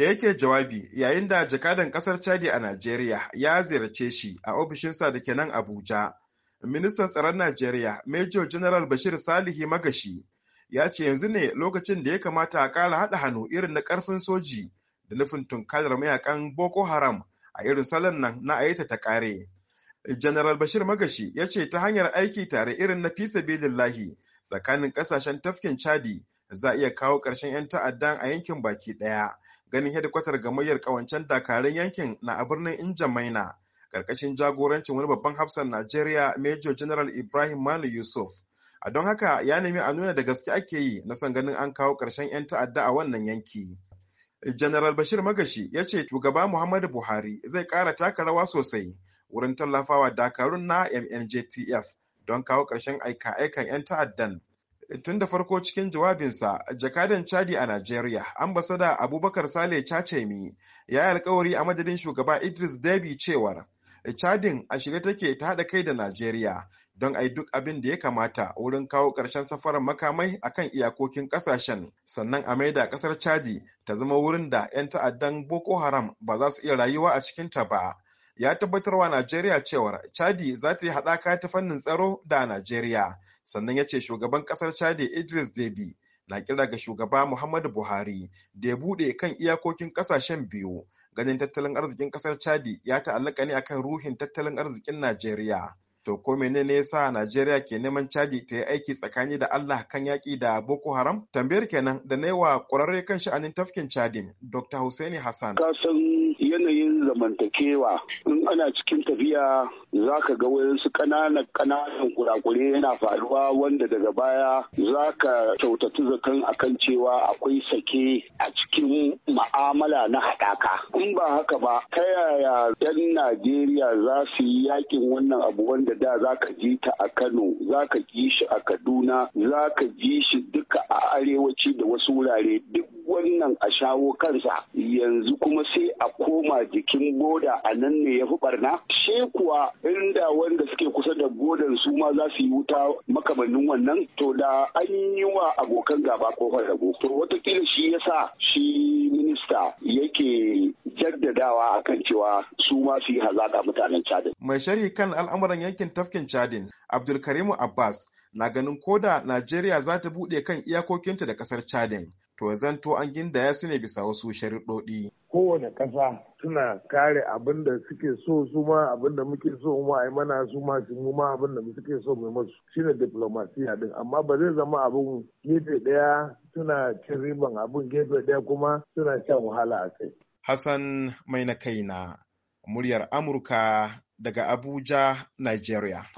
da yake jawabi yayin da jakadan kasar chadi a najeriya ya ziyarce shi a ofishinsa da ke nan abuja ministan tsaron najeriya major general bashir salihi magashi ya ce yanzu ne lokacin da ya kamata a ƙara haɗa hannu irin na ƙarfin soji da nufin tunkarar mayakan boko haram a irin salon nan na ayyata ta kare general bashir magashi ya ce ta hanyar aiki tare irin na fisa tsakanin ƙasashen tafkin chadi za a iya kawo ƙarshen 'yan ta'addan a yankin baki ɗaya ganin hedikwatar gamayyar ƙawancen dakarun yankin na a birnin injamaina ƙarƙashin jagorancin wani babban hafsan najeriya major general ibrahim manu yusuf a don haka ya nemi a nuna da gaske ake yi na son ganin an kawo ƙarshen 'yan ta'adda a wannan yanki general bashir magashi ya ce shugaba muhammadu buhari zai ƙara taka rawa sosai wurin tallafawa dakarun na mnjtf don kawo ƙarshen aika-aikan 'yan ta'addan tun da farko cikin jawabinsa jakadan chadi a najeriya ambasada abubakar sale chachemi ya yi alkawari a madadin shugaba idris debi cewar chadin a shirye take ta haɗa kai da najeriya don a duk abin da ya kamata wurin kawo ƙarshen safarar makamai a kan iyakokin ƙasashen sannan a maida ƙasar chadi ta zama wurin da 'yan ta'addan boko haram ba za su iya rayuwa a cikinta ba ya tabbatar wa Najeriya cewar Chadi za ta yi haɗaka ta fannin tsaro da Najeriya. Sannan ya ce shugaban ƙasar Chadi Idris Deby na kira ga shugaba Muhammadu Buhari da ya buɗe kan iyakokin ƙasashen biyu. Ganin tattalin arzikin ƙasar Chadi ya ta'allaka ne akan ruhin tattalin arzikin Najeriya. To ko menene sa Najeriya ke neman Chadi ta yi aiki tsakani da Allah kan yaƙi da Boko Haram? Tambayar kenan da na yi wa ƙwararre kan sha'anin tafkin Chadin, Dr. Hussaini Hassan. yanayin zamantakewa in ana cikin tafiya za ka ga su ƙananan ƙananan kurakure yana faruwa wanda daga baya za ka kyautatu zakan akan cewa akwai sake a cikin ma'amala na haɗaka in ba haka ba ta yaya 'yan najeriya za su yi yakin wannan abu wanda da za ka ji ta a kano za ka ji shi a kaduna za ka ji shi duka a arewaci da wasu wurare duk wannan a shawo kansa yanzu kuma sai a koma jikin goda a nan ne ya fi barna shi kuwa inda wanda suke kusa da godan su ma za su yi wuta makamannin wannan to da an yi wa abokan gaba kofar rago to watakila shi ya sa shi minista yake jaddadawa a kan cewa su ma su yi hazaƙa mutanen chadin mai sharhi kan al'amuran yankin tafkin chadin abdulkarimu abbas na ganin koda najeriya za ta buɗe kan iyakokinta da ƙasar chadin to zanto an gindaya su ne bisa wasu sharuɗoɗi. Kowane ƙasa suna kare abin da suke so su ma abin da muke so mu ai mana su ma su mu ma abin da suke so mu shi shine diplomasiya din amma ba zai zama abin gefe ɗaya suna cin riban abin gefe ɗaya kuma suna shan wahala a kai. Hassan mai na kaina muryar Amurka daga Abuja, Nigeria.